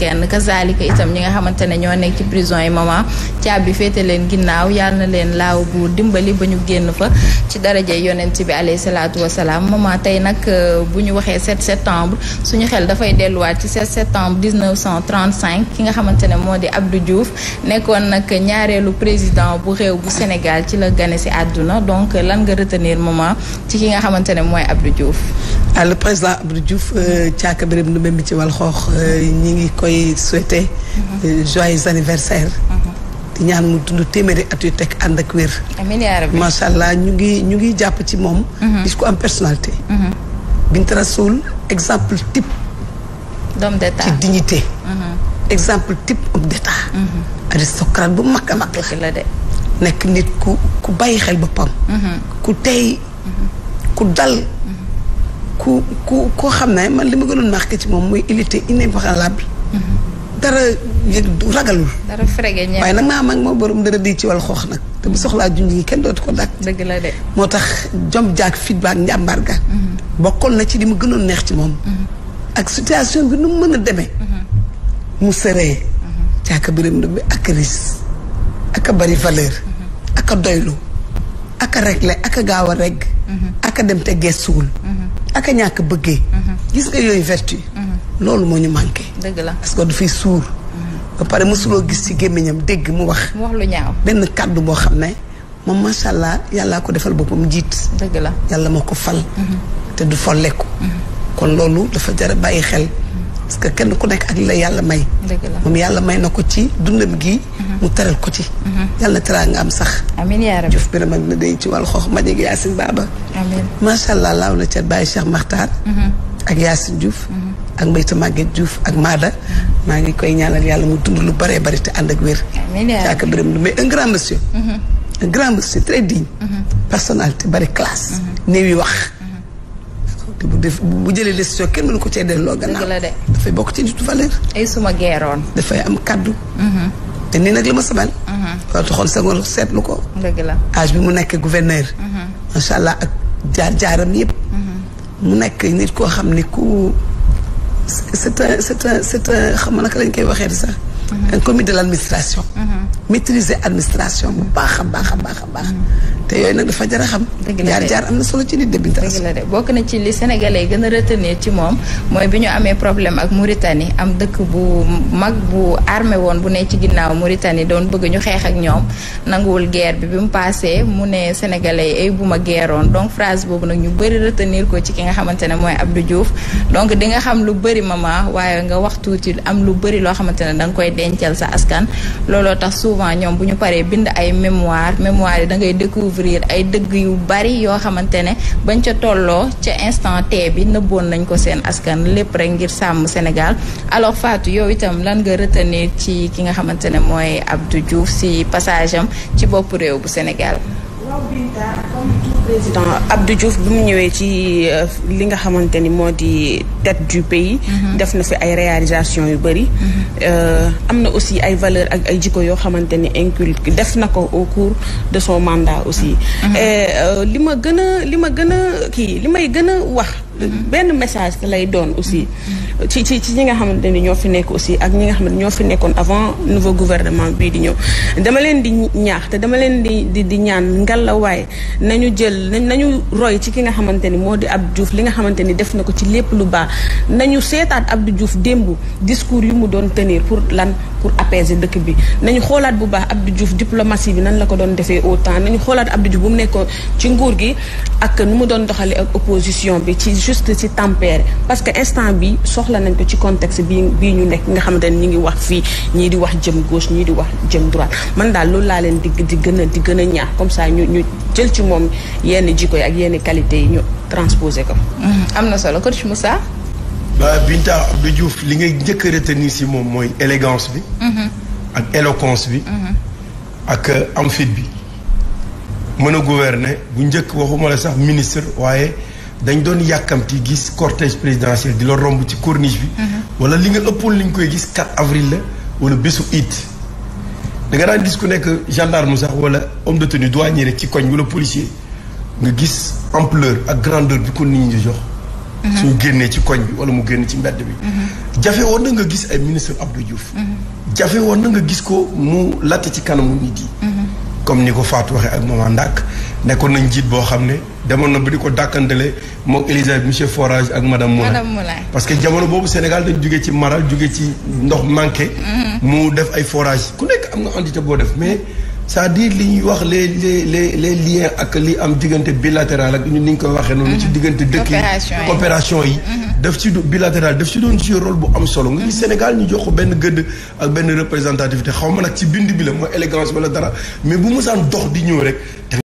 kenn kazalika itam ñi nga xamante ne ñoo nekk ci prison yi maman caabi féete leen ginnaaw yal na leen laaw bu dimbali ba ñu génn fa ci daraje yonent bi alayhi salaatu wasalaam maman tey nag euh, bu ñu waxee 7 septembre suñu xel dafay delluwaat ci 7 septembre 1935 ki nga xamante ne moo di Abdou juuf nekkoon nag ñaareelu président bu réew bu Sénégal ci la gane si àdduna donc lan nga retenir maman ci ki nga xamante ne mooy Abdou Diouf Ah, le président Abdou Diouf euh, Thiaka Birame Ndoumbe mi ci wal xoox euh, ñi ngi koy souhaiter mhm. euh, joyeux anniversaire mhm. di ñaan mu dund téeméeri at yu teg ànd ak wér macha allah ñu ngi ñu ngi jàpp ci moom mhm. gis ko am personnalité Binta Rasoul exemple type d'homme d'état ci aristocrate bu mag a mag la nekk nit ku ku bàyyi xel boppam ku tey ku dal ku ku koo xam ne man li ma gënoon marqué ci moom mooy il était inébranlable dara yëg ragalul. dara frege waaye nag maa mag moo borom dara di ci wàllu xoox nag te bu soxlaa junj yi kenn dootu ko dàq. dëgg moo tax jom jaak fit baak njàmbaar ga. Mhm. bokkoon na ci li ma gënoon neex ci moom. Mhm. ak situation bi nu mu mën a demee. Mhm. mu seree. caaka biram bi ak risque. ak a bari valeur. ak a doylu. ak a réglé ak a gaaw a regg. aka dem te gestuwul aka ñàkk bëggee gis nga yooyu vertu loolu moo ñu manqué dëgg la parce que dafay suur ba pare mësuloo gis ci gémmiñam dégg mu wax mu wax lu ñaaw benn kàddu boo xam ne moom macha allah yàllaa ko defal boppam jiit dëgg la yàlla moo ko fal te du ko kon loolu dafa jar bàyyi xel parce que kenn ku nekk ak la yàlla may moom yàlla may na ko ci dundam gi mu teral ko ci. Mhm. yàlla na teraa nga am sax. amiin yaa rabbi Diouf na day ci wàllu xoox ma ak Yacine Baba. amiin macha allah laaw na ca Baye Cheikh Makhtar. Mhm. ak Yacine Diouf. Mhm. ak Mbayta Maguette Diouf ak Maada. maa ngi koy ñaanal yàlla mu dund lu baree bari te ànd ak wér. amiin yaa rabbi lu mais un grand monsieur. un grand monsieur très digne. personnalité bari classe. néew yi wax. bu def bu jëlee décision kenn mënu ko cee delloo gannaaw. dëgg la de dafay bokk ci nitu valeur. dafay am kaddu. te nii nag li ma sabal. Mhm. waaw taxoon Senghor seetlu ko. dëgg la âge bi mu nekk gouverneur. Mhm. macha allah ak jaar jaaram yëpp. Mhm. mu nekk nit koo xam ni ku c'est un c'est un c'est un xam nga naka lañ koy waxee sax. un comité de l'administration. maîtriser administration bu baax a baax a baax a baax. te yooyu nag dafa jar a xam. jaar jaar am na solo ci nit de Binta. dëgg li sénégalais a retenir ci bu mag bu armé woon bu ne ci ginnaaw Mauritanie doon bëgg xeex ak ñoom nanguwul guerre bi bi mu paasee mu ne sénégalais yi ay bu ma guerroon donc phrase boobu nag ñu bëri retenir ko ci ki nga xamante ne mooy Abdou Diouf donc di nga xam lu bëri mama waaye nga wax tuuti am lu bëri loo xamante ne da nga koy dencal sa askan looloo tax souvent ñoom bu ñu paree bind ay mémoire mémoire yi da découvrir ay dëgg yu bari yoo xamante ne bañ ca tolloo ca instant T bi nëbboon nañ ko seen askan lépp rek ngir sàmm Sénégal alors Fatou yow itam lan nga retenir ci ki nga xamante ne mooy Abdou juuf si passage ci bopp réew bu senegal président Abdou Diouf bi mu ñëwee ci euh, li nga xamante ni moo di tête du pays. Mm-hmm. def na fi ay réalisations yu bëri. Mm-hmm. Euh, am na aussi ay valeur ak ay jiko yoo xamante ni inculque def na ko au cours de son mandat aussi. Mm-hmm. Euh, li ma gën li ma gën a kii li may gën a wax. benn message lay doon aussi ci ci ci ñi nga xamante ni ñoo fi nekk aussi ak ñi nga xamante ñoo fi nekkoon avant nouveau gouvernement bii di ñëw dama leen di ñaax te dama leen di di di ñaan ngalawaay nañu jël nañu roy ci ki nga xamante ni moo di ab juuf li nga xamante ni def na ko ci lépp lu baax nañu seetaat Abdou Diouf démb discours yu mu doon tenir pour lan pour apaiser dëkk bi nañu xoolaat bu baax Abdou Diouf diplomatie bi nañ la ko doon defee au temps nañu xoolaat Abdou Diouf bu mu ci nguur gi ak nu mu doon doxalee ak opposition bi ci juste ci tempérer parce que instant bi soxla nañ ko ci contexte bi bi ñu nek nga xamanteni ñi ngi wax fi ñi di wax jëm gauche ñi di wax jëm droite man dal lool la leen di di gëna di gëna ñaax comme ça ñu ñu jël ci mom yenn jikko ak yenn qualité yi ñu transposer ko. amna solo coach Moussa. ba Binta Abdou Diouf li ngay jëk retenir si mom moy élégance bi. Mhm. ak éloquence bi. Mhm. ak euh, am fit bi. mën gouverner bu ñëk waxuma la sax ministre waaye dañ doon yàkkamti gis cortège présidentiel di la romb ci corniche bi. Mhm. wala li nga ëppoon li nga koy gis 4 avril la wala bésu it. da nga daan gis ku nekk gendarme sax wala homme de tenue douanier rek ci koñ wala policier nga gis ampleur ak grandeur bi ko nit ñi jox. Mhm. su génnee ci koñ bi wala mu génn ci mbedd bi. Mhm. jafe woon na nga gis ay ministre Abdou Diouf. jafe woon na nga gis ko mu latte ci kanamu nit yi. comme ni ko Fatou waxee ak maman Ndak nekkoon nañ njiit boo xam ne demoon na ba di ko dàkkantale moo Elisabeth monsieur Forage ak madam Moulin. madame parce que jamono boobu Sénégal dañ jógee ci mara jógee ci ndox manqué. Mhm. mu def ay forage ku nekk am nga entité boo def mais sa à li ñuy wax les les les les liens ak li am diggante bilatéral ak ñun ni ñu koy waxee noonu. ci mhm. diggante dëkk yi coopération yi. Mhm. daf ci bilatéral daf ci doon jouer rôle bu am solo. nga Sénégal ñu jox ko benn gëdd ak benn représentativité xaw ma nag ci bind bi la mooy élégance wala dara mais bu mu saan di ñëw rek.